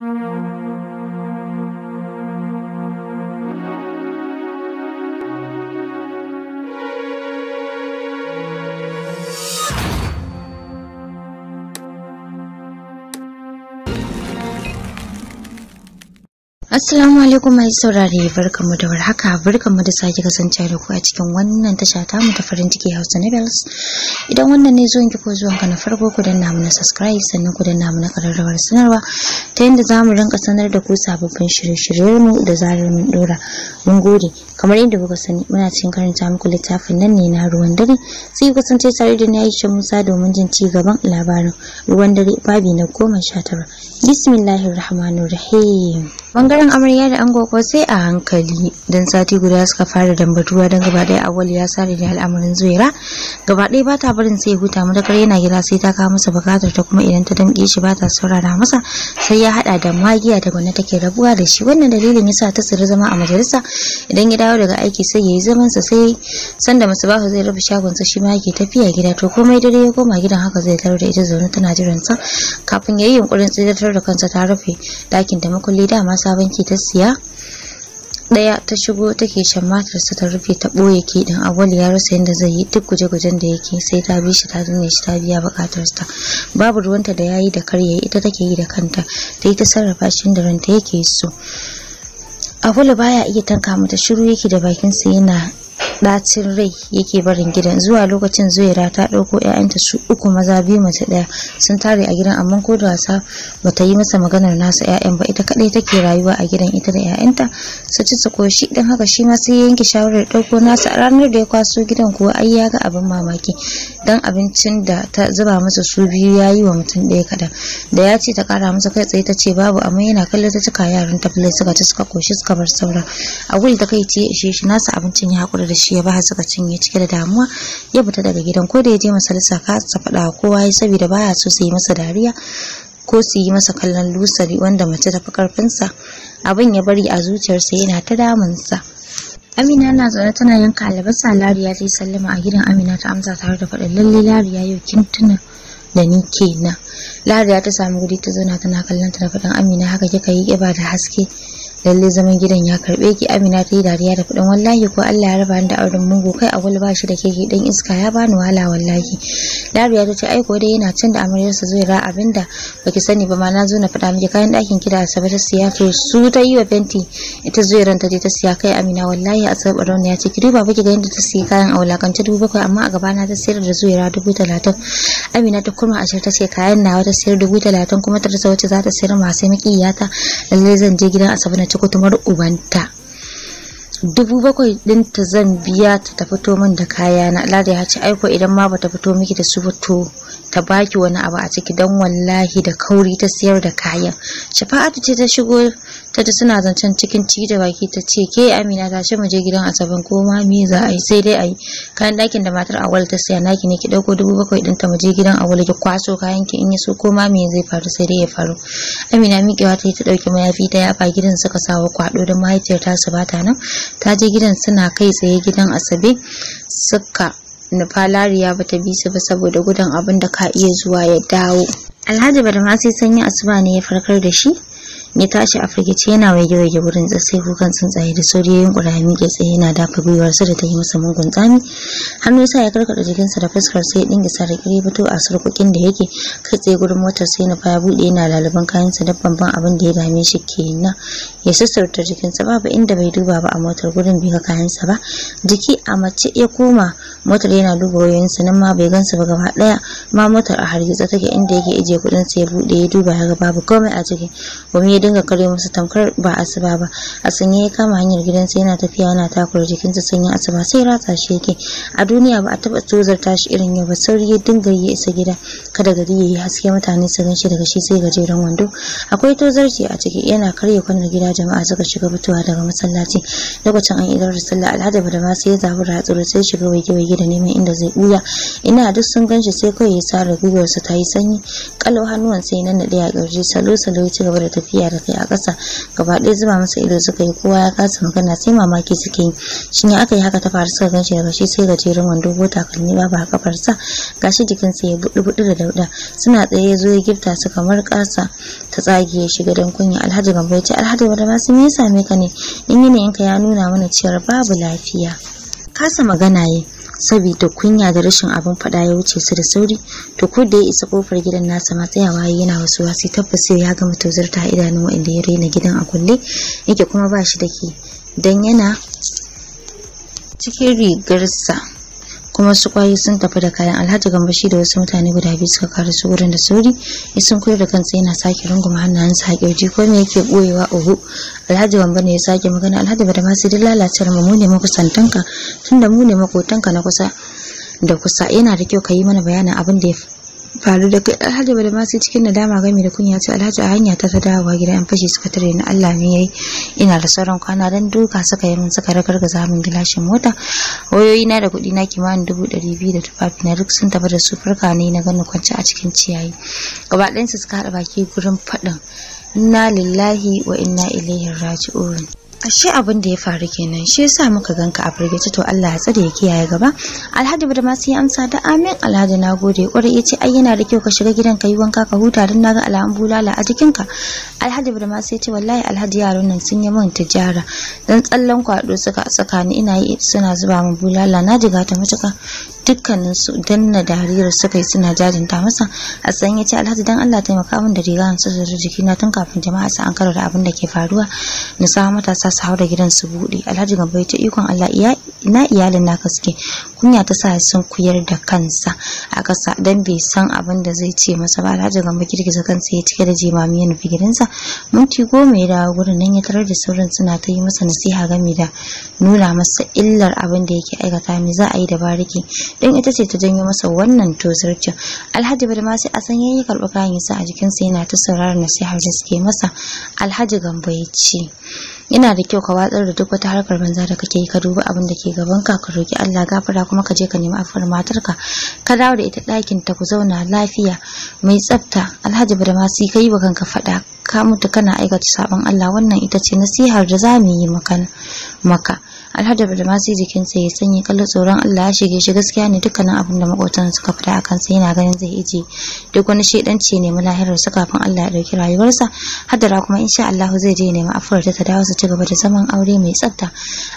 Música Assalamu alaikum mai saurare barkamu da warhaka barkamu da sake kasance da ku a cikin wannan tasha ta mu ta farin ciki Hausa Novels idan wannan ne zuwan ki ko zuwan ka na farko ku danna mu na subscribe sannan ku danna mu na kararrawar sanarwa ta yadda za mu rinka sanar da ku sababbin shirye-shiryen mu da zarar mun dora mun gode kamar yadda kuka sani muna cikin karanta muku littafin nan ne na ruwan dare sai ku kasance tare da ni Aisha Musa domin jin ci gaban labarin ruwan dare babi na goma sha tara bismillahirrahmanirrahim bangaren amarya da ango ko sai a hankali don sati guda suka fara dambatuwa don gaba daya awal ya sare da al'amarin zuwera gaba ɗaya ba ta barin sai huta madakar yana gida sai ta kawo masa bukatar ta kuma idan ta damƙe shi ba ta saurara masa sai ya haɗa da magiya da gwanna take rabuwa da shi wannan dalilin yasa ta tsiri zama a majalisa idan ya dawo daga aiki sai ya yi zamansa sai sanda musubahu zai rufe shagon sa shi ma yake tafiya gida to komai dare ya koma gidan haka zai tarar da ita zaune tana jiran sa? kafin ya yi yunkurin tsidatar da kansa ta rufe ɗakin da makulli dama sabon ki ta siya daya ta shigo take shan matarsa ta rufe ta boye ke din awali ya rasa yadda zai yi duk guje-gujen da yake sai ta bi shi ta danne shi ta biya bukatarsa babu ruwanta da yayi da karya ita take yi da kanta ta yi ta sarrafa shi da ranta yake so awali baya iya tanka mata shiru yake da bakin sa yana ɗacin rai yake barin gidan zuwa lokacin zuwaira ta ɗauko 'ya'yanta su uku maza biyu mace ɗaya sun tare a gidan amma ko da wasa ta yi masa maganar nasa 'ya'yan ba ita kaɗai take rayuwa a gidan ita da 'ya'yanta su ci su koshi don haka shi ma sai ya yanke shawarar ɗauko nasa a ranar da ya kwaso gidan kuwa ai ya ga abin mamaki dan abincin da ta zuba masa su biyu ya yi wa mutum ɗaya kaɗan da ya ce ta ƙara masa kai tsaye ta ce babu amma yana kallon ta cika yaran ta suka ci suka koshi suka bar saura a wuri ta kai ce ya ishe shi nasa abincin ya haƙura da shi shi ya ba suka cinye cike da damuwa ya fita daga gidan ko da ya je masalisa ka sa fada kowa ya saboda baya so su masa dariya ko su yi masa kallon lusari wanda mace ta fi sa abin ya bari a zuciyarsa yana ta sa Amina na zaune tana yanka albasa Lariya ta yi sallama a gidan Amina ta amsa tare da faɗin lalle Lariya yau kin tuna da ni kenan. Lariya ta samu guri ta zauna tana kallon ta da faɗin Amina haka kika yi ƙiba da haske lalle zaman gidan ya karbe ki amina ta yi dariya da kudin wallahi ko Allah ya raba ni da auren mugu kai a ba da keke dan iska ya bani wahala wallahi Dariya ta ce ai ko dai yana cin da amaryarsa ra abinda baki sani ba ma na zo na fada miki kayan dakin ki da Asabe ta siya to su ta yi wa fenti ita zai ta ta siya kai Amina wallahi Asabe Barona ya ce ki duba ba ga yadda ta siya kayan aulakance dubu bakwai amma a gaba na ta sayar da zuwa dubu talatin. Amina ta kurma a shirta ce kayan nawa ta sayar dubu talatin kuma ta rasa wacce za ta sayar masu makiyata lallai zan je gidan Asabe na ci kutumar ubanta. dubu bakwai ɗinta zan biya ta ta fito min da kayana lada ya ce aiko idan ma bata fito miki da su ba to ta baki wani abu a ciki don wallahi da kauri ta siyar da kayan shafa'atu ce ta shigo ta ta suna zancen cikin ci da baki ta ce ke amina ta ce muje gidan Asabe? ko ma me za a yi sai dai a yi kayan dakin da matar awal ta siya naki ne ki dauko dubu bakwai ɗinta muje gidan awal ki kwaso kayan ki in yi su, ko ma me zai faru sai dai ya faru amina miƙewa ta yi ta ɗauki mayafi ta yafa gidan suka sawa kwaɗo da mahaifiyar ta su bata nan ta je gidan suna kai tsaye gidan asabe suka Nufalariya bata bi su ba saboda gudun abin da ka iya zuwa ya dawo. Alhaji Badamasi sanyi asuba ne ya farkar da shi ya tashi a firgice yana mai rage wurin sai kukan tsuntsaye da sauri yayin ƙura miƙe tsaye yana dafa sa da ta yi masa mugun tsami hannu sa ya karkada jikinsa da fuskar sai ya dingisa da kire fito a surkukin da yake kai tsaye gurin motar sai na faya buɗe yana kayan kayansa da banban abin da ya dame shi kenan ya sassauta jikinsa babu inda bai duba ba a motar gurin bai ga kayansa ba jiki a mace ya koma motar yana duba wayoyinsa nan ma bai gansa ba gaba ɗaya ma motar a hargitsa take inda yake ajiye kuɗinsa ya buɗe ya duba ya ga babu komai a ciki dinga kare musu tamkar ba asuba ba a sanye ya kama hanyar gidan sai yana tafiya yana takura jikinsa sanyin asuba sai ratsa shi yake a duniya ba a taba tozarta shi irin yau ba sauri ya dinga ya isa gida kada gari ya yi haske mutane su gan shi daga shi sai gajeren wando akwai tozarci a ciki yana karya kwanar gida jama'a suka shiga fitowa daga masallaci lokacin an idar da sallah alhaji bada ma sai ya zabi ratsuru sai shiga waige waige da neman inda zai buya ina duk sun ganshi sai kawai ya sare gwiwarsa ta yi sanyi kalau hannuwan sai nan da ya kirji salo salo ya ci gaba da tafiya da kai a ƙasa gaba ɗaya zuba masa ido suka yi kowa ya kasa magana sai mamaki suke yi shin ya aka yi haka ta faru suka ganshi daga shi sai gajeren wando ko takalmi babu a sa gashi jikin sa ya buɗu buɗu da dauda suna tsaye ya zo ya gifta su kamar ƙasa ta tsage ya shiga don kunya alhaji gambo ya ce alhaji wata masu sun ya same ka ne in ka ya nuna mana cewar babu lafiya kasa magana yi saboda kunya da rashin abin fada ya wuce su da sauri to ko da ya isa kofar gidan nasa ma tsayawa yana wasu wasi tabbas sai ya gama tozarta a idanun waɗanda ya raina gidan a kulle yake kuma ba shi da ke don yana cikin rigarsa kuma su kwayi sun tafi da kayan alhaji shi da wasu mutane guda biyu suka kare su wurin da sauri ya sun koyar da kansa yana sake runguma hannayensa a kirji ko me yake boyewa uhu alhaji gamba ne ya sake magana alhaji bada ma sai lalacewar mu ne makusantanka tunda mu makotanka na kusa da kusa yana da kyau ka yi mana bayanin abin da ya faru da kai alhaji bada ma sai cikin nadama game da kunya ce alhaji a hanya ta ta dawowa gida an fashe suka tare ni Allah ne yayi ina da sauran kwana dan duka suka yi min suka ga min gilashin mota wayoyi na da kuɗi na kimanin dubu ɗari biyu da tufafi na duk sun tafi da su farka ne na gani kwance a cikin ciyayi gaba ɗayansa suka haɗa baki gurin faɗin Na lillahi wa inna ilaihi raji'un ashe abin da ya faru kenan shi yasa muka ganka a firgici to Allah ya tsare ya kiyaye gaba Alhaji bada ma sai amsa da amin Alhaji nagode kwarai yace ai yana da kyau ka shiga gidan ka yi wanka ka huta dan naga alamun bulala a ka Alhaji bada ma sai ce wallahi Alhaji yaron nan sun yi min tijara dan tsallan kwado suka saka ina yi suna zuba min bulala na jiga ta matuka Dukkanin su danna dariyar suka yi suna jajinta masa a tsayin ya ce alhaji dan allah taimaka min da riga su da jiki na tun kafin jama'a su an karo da abin da ke faruwa na samu matasa su hau da gidan su buɗe alhaji Gambo ya ce ikon allah ina iyalin naka suke kunya ta sa sun kuyar da kansa a ƙasa don bai san abin da zai ce masa ba alhaji gamba girgiza kansa ya cike da jimami ya nufi minti goma ya dawo gurin nan ya tarar da sauran suna ta yi masa nasiha game da nuna masa illar abin da yake aikata me za a yi da bariki don ita ce ta janyo masa wannan tozarcin alhaji bada ma sai a san yayi karɓi kayan yasa a jikinsa yana ta sauraron nasihar da suke masa alhaji gamba ya ce yana da kyau ka watsar da duk wata harkar banza da kake yi ka duba abin da ke gaban ka ka roki Allah gafara kuma ka je ka nemi afar matarka ka dawo da ita ɗakin ta ku zauna lafiya mai tsafta Alhaji Badamasi kai wa kanka faɗa ka mutu kana aikata sabon Allah wannan ita ce nasihar da za mu yi maka maka alhaji masu jikin ya sanyi kallon tsoron allah ya shige shi gaskiya ne dukkanin abin da makotan suka fita a kansa yana ganin zai iji duk wani shedanci ne mu lahirar su kafin allah ya dauki rayuwarsa haddara kuma insha allahu zai je nema afuwar ta dawo su ci gaba da zaman aure mai tsafta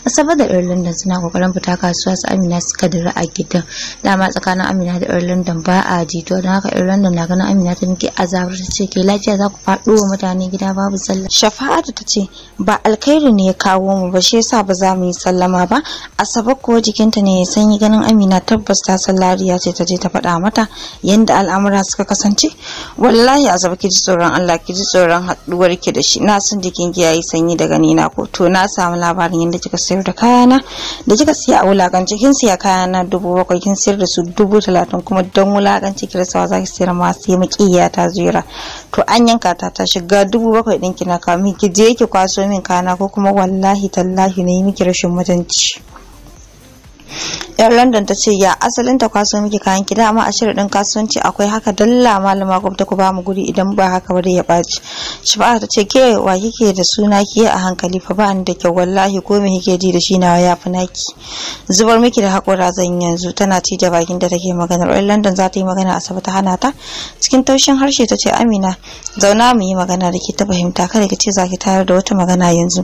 asabar da ɗan london suna kokarin fita kasuwa su amina suka dira a gidan dama tsakanin amina da ɗan london ba a jituwa don haka ɗan london na ganin amina ta miƙe azabar ta ce ke lafiya za ku faɗo wa mutane gida babu sallah shafa'atu ta ce ba alkhairi ne ya kawo mu ba shi yasa ba za mu yi sallama ba a sabab kuwa jikinta ne ya sanyi ganin amina tabbas ta san lariya ce ta je ta faɗa mata yadda al'amura suka kasance wallahi asabar ki ji tsoron allah ki ji tsoron haɗuwar ki da shi na san jikin ki yayi sanyi daga nina ko to na samu labarin yadda kika sayar da kayana da kika siya a wulakanci kin siya kayana dubu bakwai kin sayar da su dubu talatin kuma don wulakanci ki rasawa za ki sayar ma sai maƙiya ta zuira to an yanka ta ta shiga dubu bakwai ɗin ki na kamin ki je ki kwaso min kayana ko kuma wallahi tallahi na yi miki rashin wajen yar london ta ce ya asalin ta kwaso miki kayan kida amma a shirin din kasuwanci akwai haka dalla malama gwamnati ku ba mu guri idan ba haka ba da ya baci shafa'a ta ce ke wa kike da suna ki a hankali fa ba ni da kyau wallahi ko me kike ji da shi na ya fi naki zubar miki da hakora zan yanzu tana ci da bakin da take magana yar london za ta yi magana asabe ta hana ta cikin taushin harshe ta ce amina zauna mu yi magana da ke ta fahimta kada ki ce za ki tayar da wata magana yanzu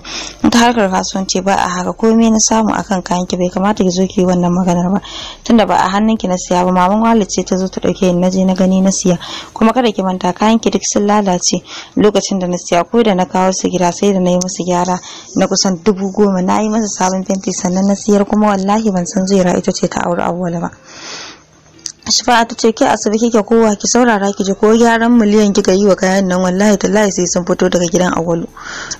ta harkar kasuwanci ba a haka komai na samu akan kayan ki bai kamata ki zo ki ki wannan maganar ba tunda ba a hannun ki na siya ba maman Walid ce ta zo ta dauke ni naje na gani na siya kuma kada ki manta kayan ki duk sun lalace lokacin da na siya ko da na kawo su gida sai da na yi musu gyara na kusan dubu goma na yi masa sabon fenti sannan na siyar kuma wallahi ban san zuwa ita ce ta auri awwala ba ta ce ke asibi kike kowa ki saurara ki ji ko gyaran miliyan kika yi wa kayan nan wallahi tallahi sai sun fito daga gidan awwalu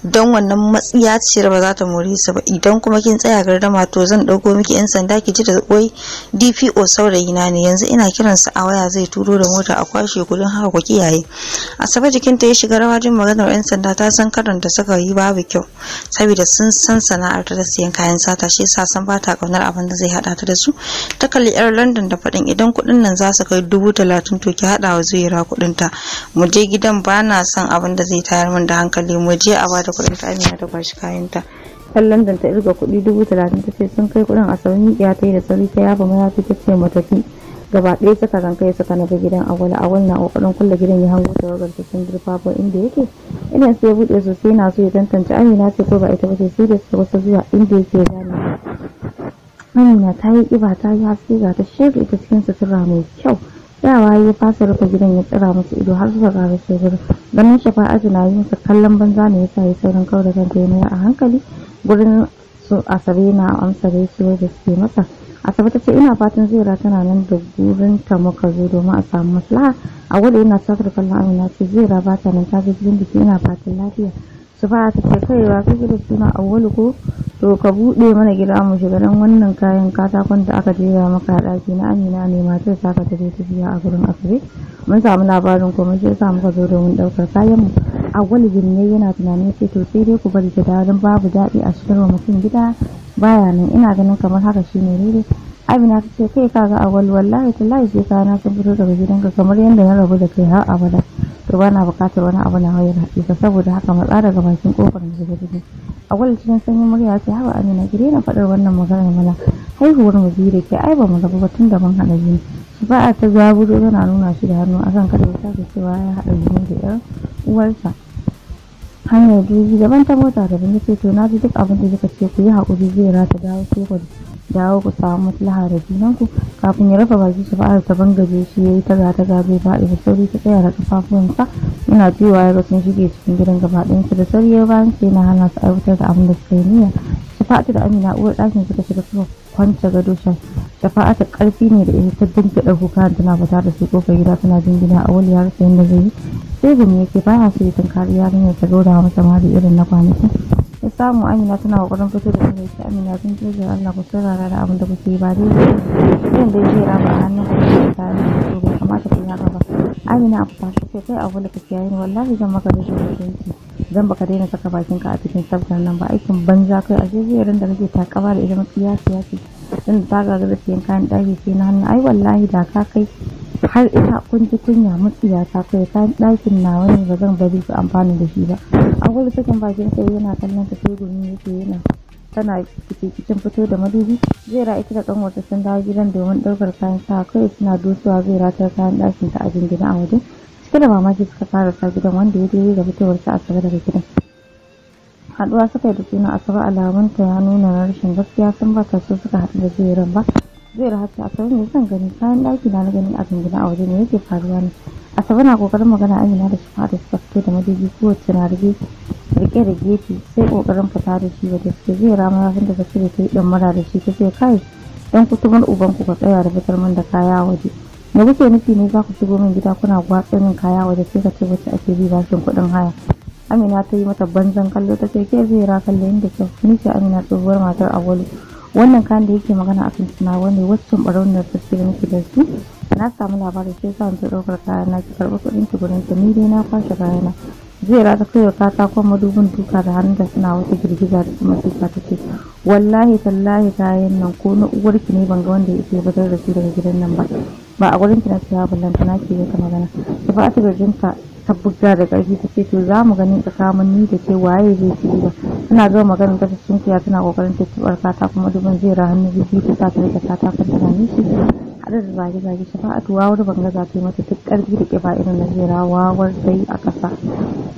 don wannan matsiya ce ba za ta more su ba idan kuma kin tsaya gardama to zan dauko miki yan sanda ki ji da wai DPO saurayi na ne yanzu ina kiran sa a waya zai turo da mota a kwashe kudin haka ku kiyaye asabe jikin ta ya shiga rawa jin maganar yan sanda ta san karanta da suka yi babu kyau saboda sun san sana'ar ta siyan kayan sata shi yasa san ba ta kaunar abin da zai hada ta da su ta kalli yar London da faɗin idan kuɗin kuɗin nan za su kai dubu talatin to ki haɗa wa zuwa ta mu je gidan ba na son abin da zai tayar min da hankali mu je a bada ta amina ta kwashi kayanta kallon ta irga kuɗi dubu talatin ta ce sun kai kuɗin a saurin ya ta yi da sauri ta yafa mayafi ta ce tafi gaba ɗaya suka ranka ya suka nufi gidan agwal agwal na ƙoƙarin kulle gidan ya hango ta cikin durfafo inda yake idan sai ya buɗe sosai na so ya tantance amina ce ko ba ita ba sai da suka kusa zuwa inda yake gane Amina ta yi ƙiba ta yi hasi ga ta shirya ita cikin sutura mai kyau. Tsayawa ya fasa rufe gidan ya tsira musu ido har suka ga shi gurin. Ganin shafa'atu na yin sa kallon banza ne yasa ya saurin kawo da kanta ya a hankali. Gurin su Asabe na amsa su da suke masa. Asabe ta ce ina fatan Zuwaira tana nan da gurin ta muka zo domin a samu maslaha. A gwada yana safar kallon Amina ce Zuwaira ba ta nan ta je gidan ke ina fatan lafiya. sifata ta kai kaiwa kake da suna awwalu ko to ka bude mana gida mu shiga dan wannan kayan katakon da aka jera maka a ɗaki na Amina ne matar ta ka tafi tafiya a gurin Asabe mun samu labarin kuma sai sa muka zo domin daukar kayan mu awwalu jinne yana tunanin ce to sai dai ku bari ta dawo babu daɗi a shigar mutum gida baya nan ina ganin kamar haka shine ne Amina ta ce kai kaga awwalu wallahi tallahi sai na sun fito daga gidanka kamar yadda na rabu da kai har abada to ba na bukatar wani abu na wayar haƙiƙa saboda haka matsa daga bakin kofar da daga gudu a gwal cikin sanyin murya sai hawa amina ki na faɗar wannan maganar mana haihuwar mu biyu da ke ai ba mu zaba ba tun da mun haɗa jini ba a ta zabudo tana nuna shi da hannu akan kada ya sake cewa ya haɗa jini da ƴar uwarsa hanyar jirgi daban ta mota daban ya ce to na ji duk abin da suka ce ku yi haƙuri zai rata dawo sai dawo ku samu maslaha da junanku kafin ya rufe baki shafa'ar ta bangaje shi ya yi taga taga bai faɗi da sauri ta tsaya da kafafuwansa yana cewa ya ga sun shige cikin gidan gaba ɗayansu da sauri ya bayan sai na hana su aiwatar da abin da suka yi niyya Shafa'atu da Amina uwar ɗakin suka shiga suka kwanta gado shan. Shafa'atu ƙarfi ne da ita ta dinga kuka tana fita da su kofar gida tana jingina a wani yaro rasa da zai yi. Sai gumi yake baya so ya tunkari yarinyar ta gaura masa mari irin na kwanaki Ya samu Amina tana kokarin fito da ita ce Amina sun da Allah ku saurara da abin da kuke yi ba dai zan dai jera ba a hannun ku da tare da su bai kamata ku yi haka ba. Amina a fita ce kai a wani ka kiyaye wallahi zan maka da idan baka daina saka bakin ka a cikin tsaftar nan ba aikin banza kai a zai da kake takaba da ita matsiya siya ce dan ta gagara siyan kayan ɗaki sai na hannu ai wallahi da ka kai har ita kun ji kunya matsiya ta kai kayan ɗakin na wani ba zan bari su amfani da shi ba a gudu sakin bakin sai yana kallon ta sai gumi yake yana tana kicin fito da madubi zai ra ita da kanwarta sun dawo gidan domin ɗaukar kayan sa kai suna dosuwa zai ratar kayan ɗakin ta a jingina a wajen cike da mamaki suka karasa gidan wanda ya daidai da fitowarsa asabe daga gidan haduwa suka yi da suna asabe alamunta ya nuna na rashin gaskiya sun ba su suka hadu da zuwaran ba zuwar hatta a mai son gani kayan ɗaki na gani a gangina a waje ne yake faruwa ne asabe na kokarin magana amina da shi da suka fito da madubi kowace na rage rike da gefe sai kokarin fita da shi waje suke zai rama yafin da ta da ta yi ɗan mura da shi ta ce kai dan kutumar ubanku ka tsaya da fitar man da kaya waje me kuke nufi ne za ku shigo min gida kuna gwatsa min kaya waje sai ka ce wacce ake bi bashin kuɗin haya amina ta yi mata banzan kallo ta ce ke zai kallo inda kyau ni ce amina tsohuwar matar awolu wannan kan da yake magana akan suna wani waccan baraunar ta ce miki da su na samu labarin sai sa ta ɗaukar kaya na ki karɓi kuɗin ki gurin ta ni dai na kwashe na. zai rata kaiwa katakon madubin duka da hannun da suna wata girgiza da kuma duka ta ce wallahi tallahi kayan nan ko na uwarki ne ban ga wanda ke fitar da su daga gidan nan ba ba a gurin ki na siya ba lantana ki yi ta magana ba a ta ta buga da ƙarfi ta ce to za mu gani tsakanin ni da ke waye zai ci ido tana gama maganar ta cikin kuya tana kokarin ta ta katakon madubin zai ra hannu biyu ta sa ta ta katakon tana shi haɗar da zage zage shafa'atu wawar banga za ta yi mata duk ƙarfi da ƙiba irin na zai wawar sai a ƙasa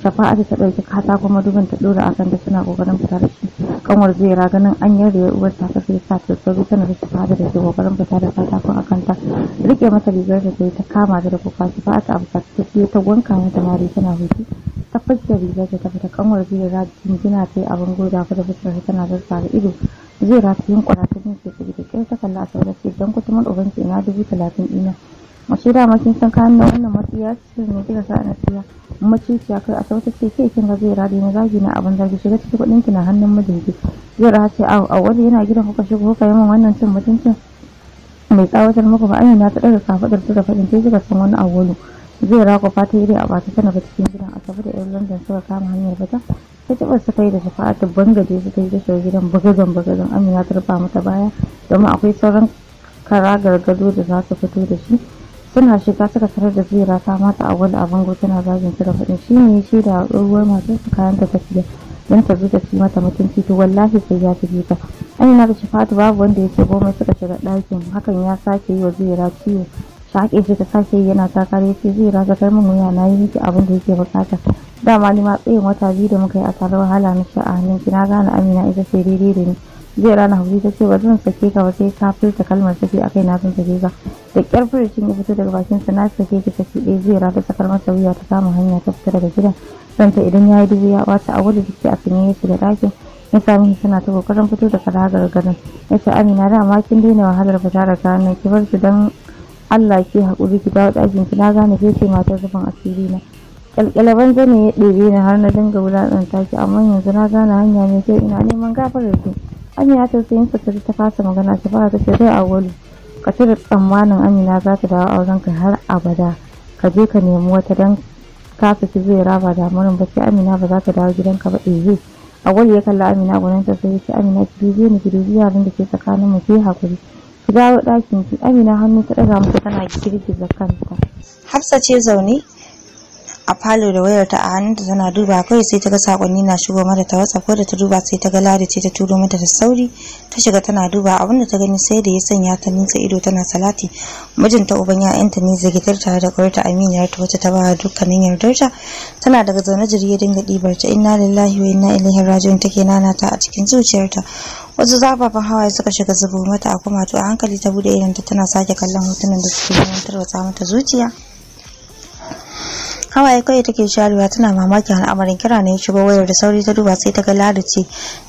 shafa'atu ta ɗauki katakon madubin ta ɗora akan ta tana kokarin fita da shi kanwar zai ra ganin an da ya uwar ta ya sa ta tsaro tana da shafa'atu da ke kokarin fita da katakon akan ta rike mata rigar da ta yi ta kama da da kuka shafa'atu a fuka ta ta wanka mata samari tana hutu tabbas da riga ta fita kanwar zira jingina ta yi abin goda ta da fuskar tana zarta da ido zai zira ta yunkura ta ke shekaru da kyau ta kalla a sauran ce don kusa mun ke na dubu talatin ɗina mace da kin san kayan na wannan matsiya su ne kika sa na siya maciciya kai a sauta ce ke kin ga zai da na zagi na abin zagi shiga cikin kuɗin ki na hannun mijinki zira ce a wani yana gidan kuka shigo kuka yi min wannan cin mutuncin mai tsawatar muku ba ayyana ta ɗaga kafaɗar ta da faɗin ke kika san wani awolu zai rakufa ta iri a bata ta ba cikin gidan asabar da yan london suka kama hanyar bata ta taba su kai da ta bangaje su kai dashar gidan bagazan bagazan amina ta rufa mata baya domin akwai sauran kara gargado da za su fito da shi suna shiga suka tarar da zira ta mata a wani abin tana zagin su da faɗin shi ne shi da ruwar masu su kayan ta tafiya don ta zo ta ci mata mutunci to wallahi sai ya tafi amina da shafa'atu babu wanda ya ce goma suka shiga ɗakin hakan ya sake yi wa zira ciwo shaƙe shi ta sake yana takare ya shi zai razatar min wuya na yi miki abin da yake bukata dama ni ma tsayin wata biyu da muka yi a tare wahala na sha a hannun na gane amina ita ce daidai da ni zai rana hauri ta ce ba zan sake ka ba sai ka furta kalmar sake a kai na zan sake ka da kyar furucin ya fito daga bakinsa na sake ki sake ɗaya zai raga sakar masa wuya ta kama hanya ta fita daga gidan santa idan ya yi dubu ya ɓata a wadda jiki a sanye ya shiga ɗakin ya sami shi tana ta kokarin fito da karagar garin ya ce amina da ma kin daina wahalar fita da kayan ki bar su don Allah ki haƙuri ki dawo ɗakin ki na gane ke ce matar zuban asiri na kyalkyalaban zane ya ɗebe ni har na dinga wulaƙanta taki amma yanzu na gane hanya mai kyau ina neman gafarar ki Amina ta sayin sa ta kasa magana ta fara ce zai a wani. ka tura tsammanin Amina za ta dawo auren ka har abada ka je ka nemi wata dan kasa ki zai raba da ba sai Amina ba za ta dawo gidanka ba eh, a wani ya kalla Amina gurin ta sai ya ce Amina ki dubi ni ki dubi yaran da ke tsakanin mu ke haƙuri ki dawo ɗakin ki amina hannu ta ɗaga mata tana girgiza kanta hafsa ce zaune a falo da wayarta a hannunta tana duba kawai sai ta ga sakonni na shigo mata ta whatsapp ko da ta duba sai ta ga ladi ce ta turo mata da sauri ta shiga tana duba abin da ta gani sai da ya sanya ta nisa ido tana salati mijinta uban ya'yanta ne zagitar tare da kwarta aminiyar ta wacce ta ba dukkanin yardar ta tana daga zaune jiri ya dinga ɗibar ta inna lillahi wa inna ilaihi raji'un take nanata a cikin zuciyarta wasu zafafan hawaye suka shiga zubo mata a kumatu a hankali ta bude ta tana sake kallon hotunan da suke mantar mata zuciya hawaye kawai take sharewa tana mamakin al'amarin kira ne shigo wayar da sauri ta duba sai ta ga ladu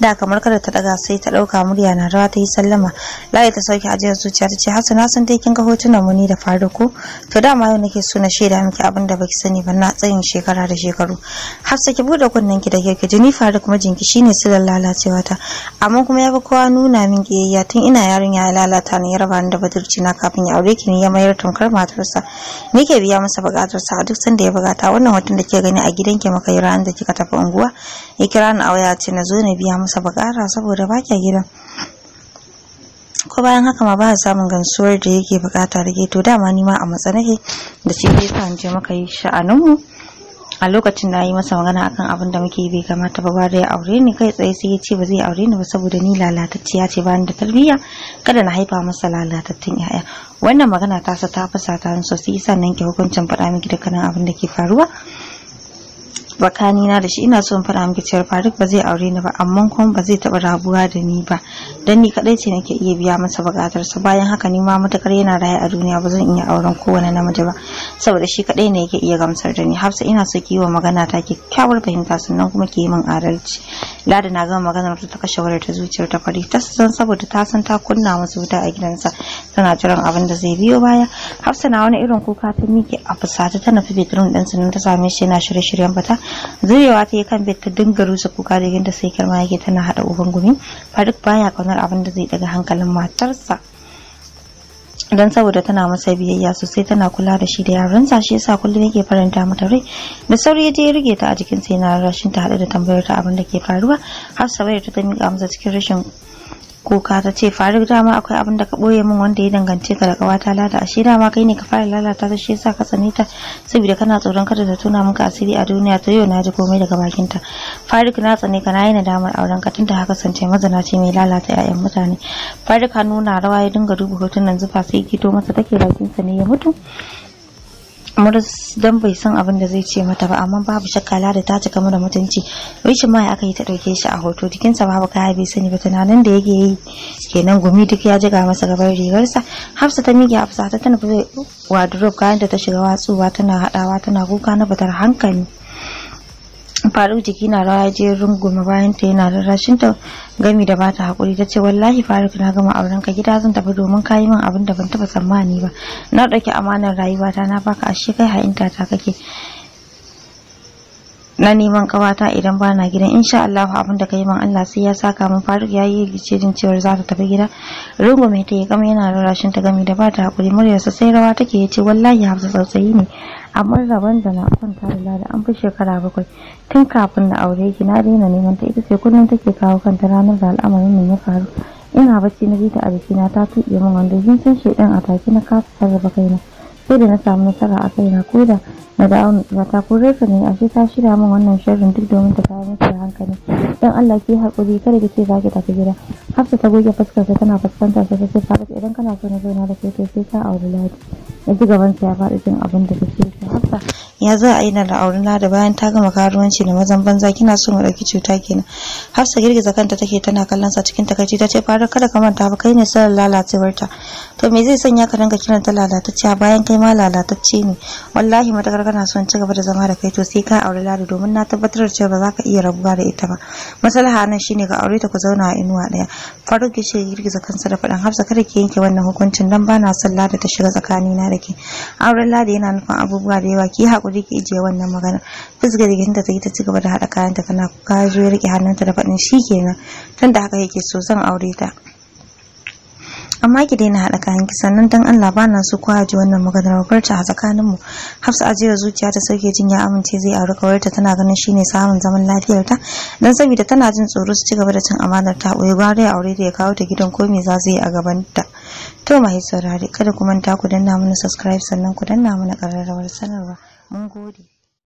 da kamar kada ta daga sai ta dauka murya na rawa ta yi sallama lai ta sauke ajiyar zuciya ta ce hasana san dai kin ga hotunan muni ni da faruku to dama yau nake so na shaida miki abin da baki sani ba na tsayin shekara da shekaru hafsa ki bude kunnen ki da kirki jini faruk jinki shine silar lalacewa ta amma kuma ya fi kowa nuna min kiyayya tun ina yarinya ya lalata ni ya raba ni da budurci na kafin ya aure ki ne ya mayar tamkar matarsa nike biya masa bukatarsa a duk sanda ya buga bukata wannan hoton da ke gani a gidanki maka yi ranar da kika tafi unguwa ya kira ni a waya ce na zo na biya masa bukata saboda ba kya gidan ko bayan haka ma ba samun gamsuwar da yake bukata ke to dama ni ma a matsa nake da shi ne sa je muka yi sha'aninmu a lokacin ya yi masa magana akan abin da muke bai kamata ba ba da ya aure ni kai tsaye sai ya ce ba zai aure ni ba saboda ni lalatacciya ce bayan da tarbiyya kada na haifa masa lalatattun yaya wannan magana tasa ta fasa ta ni sosai sannan ki hukuncin faɗa miki dukkanin abin da ke faruwa na da shi ina son fara miki cewa Faruk ba zai aure ni ba amma kuma ba zai taba rabuwa da ni ba dan ni kadai ce nake iya biya masa buƙatar sa bayan haka ni ma mutakar yana raye a duniya ba zan iya auren kowane namiji ba saboda shi kadai ne yake iya gamsar da ni Hafsa ina so ki magana ta ke kyawar fahimta sannan kuma ke min adalci Lada na gama maganar ta kashe wurin ta zuciyar ta fari ta san saboda ta san ta kunna masa wuta a gidansa tana jiran abin da zai biyo baya hafsa na wani irin kuka ta miƙe a fusata ta nufi bedroom ɗin sannan ta same shi yana shirye-shiryen fita zurewa ta yi kan bed ta dinga rusa kuka da yadda sai girma yake tana haɗa uban gumi faruk baya kaunar abin da zai daga hankalin matarsa dan saboda tana masa biyayya sosai tana kula da shi da yaransa shi yasa kullum yake faranta mata rai da sauri je ya rige ta a jikin sai na rashin ta hada da tambayar ta abin da ke faruwa har sabai ta mika masa cikin rashin kuka ta ce faruk dama akwai abin da ka boye min wanda ya dangance ta da kawata lada ashe ma kai ne ka fara lalata ta shi yasa ka tsani ta saboda kana tsoron kada ta tuna maka asiri a duniya to yau na ji komai daga bakin ta faruk na tsane ka na nayi nadamar auren ka tunda haka sance mazana ce mai lalata 'ya'yan mutane faruk hannu na rawa ya dinga duba hotunan zufa sai gido masa take sa ne ya mutu muris dan bai san abin da zai ce mata ba amma babu shakka da ta cika da mutunci wishin mai aka yi ta ɗauke shi a hoto jikinsa babu kaya bai sani ba tunanin da yake yi kenan gumi duk ya jiga masa gaban rigarsa hafsa ta miƙe hafsa ta tana wardrobe kayan da ta shiga watsuwa tana haɗawa tana kuka na batar hankali faruk jiki na rawa je rungume bayan ta yana rarrashin ta gami da bata hakuri ta ce wallahi faruk na gama auren ka gida zan tafi domin kayi min abin da ban taba tsammani ba na dauki amanar rayuwata na baka ashe kai ha'inta ta kake na neman kawata idan ba na gidan insha Allah abin da ka yi man Allah sai ya saka min Faruk ya yi gice din cewar za ta tafi gida rungume ta yi kama yana rarashin ta gami da ba ta hakuri muryarsa sai rawa take ya ce wallahi Hafsa tsautsayi ne amma rabon da na kwanta da lada an fi shekara bakwai tun kafin na aure ki na daina neman ta ita ce kullum take kawo kanta ranar da al'amarin nan ya faru ina bacci na jita a na ta tuɗe min wanda jin san shedan a taki na kasa sarrafa kaina sai da na samu nasara a kaina ko da na dawo ta kore ka ne ashe ta shirya min wannan sharrin duk domin ta kawo miki hankali dan Allah ki hakuri kada ki ce zaki tafi gida Hafsa ta goge fuskar sa tana fuskantar sa sai ce idan kana so na zauna da kai to sai ka auri ladi ya ji gaban sa ya faɗi cin abin da take so Hafsa ya zo a yi na auren lada bayan ta gama karuwanci da mazan banza kina so mu dauki cuta kenan hafsa girgiza kanta take tana kallon sa cikin takaici ce fara kada ka manta ba kai ne sarar lalacewar ta to me zai sanya ka dinga kiran ta lalatacciya bayan kai ma lalatacce ne wallahi matakar kana son ci gaba da zama da kai to sai ka aure lada domin na tabbatar da cewa ba za ka iya rabuwa da ita ba maslaha nan shine ka aure ta ku zauna a inuwa ɗaya. faruk ya ce girgiza kansa da faɗan hafsa kada ki yanke wannan hukuncin don bana na son lada ta shiga tsakanina da ke auren lada yana nufin abubuwa da yawa ki haƙuri ki ijiye wannan magana fuskar jikinta ta yi ta ci gaba da haɗa kayanta tana kazo ya riƙe hannunta da faɗin shi kenan tun da haka yake so zan aure ta amma ki daina haɗa kayan ki sannan dan Allah ba na so kowa ji wannan maganar ta a tsakanin mu Hafsa ajiyar zuciya ta sauke jin ya amince zai auri kawarta tana ganin shine samun zaman lafiyarta ta dan saboda tana jin tsoro su ci gaba da cin amanar ta oyi gwara ya aure da ya kawo ta gidan ko me za su yi a gaban ta to mai saurare kada ku manta ku danna mana subscribe sannan ku danna mana ƙararrawar sanarwa mun gode